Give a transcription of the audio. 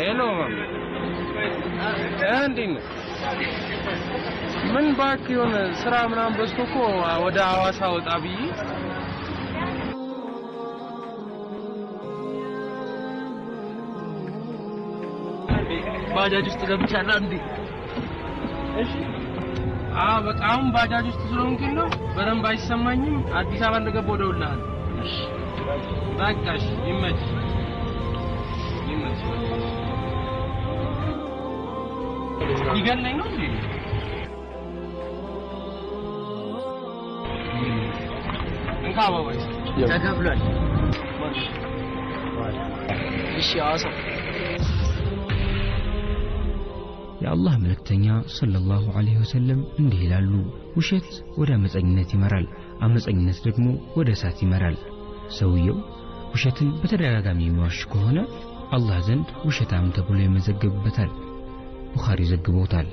ሄሎ እንዴት ነው? ምን እባክህ የሆነ ስራ ምናምን በዝቶ እኮ ወደ ሐዋሳ ወጣ ብዬ ባጃጅ ውስጥ ገብቻለሁ። እንዴ እሺ። አዎ በቃ አሁን ባጃጅ ውስጥ ስለሆንክ ነው በደንብ አይሰማኝም። አዲስ አበባ እንደገባሁ እደውልልሃለሁ። Bakaş, immet. İmmet. İgan ne oldu? Inka baba. Takaflar. Baş. Baş. Bir şey asıl. የአላህ መልእክተኛ ሰለላሁ ዐለይሂ ወሰለም እንዲህ ይላሉ፣ ውሸት ወደ አመፀኝነት ይመራል፣ አመፀኝነት ደግሞ ወደ እሳት ይመራል። ሰውየው ውሸትን በተደጋጋሚ የሚዋሽ ከሆነ አላህ ዘንድ ውሸታም ተብሎ ይመዘገብበታል። ቡኻሪ ዘግቦታል።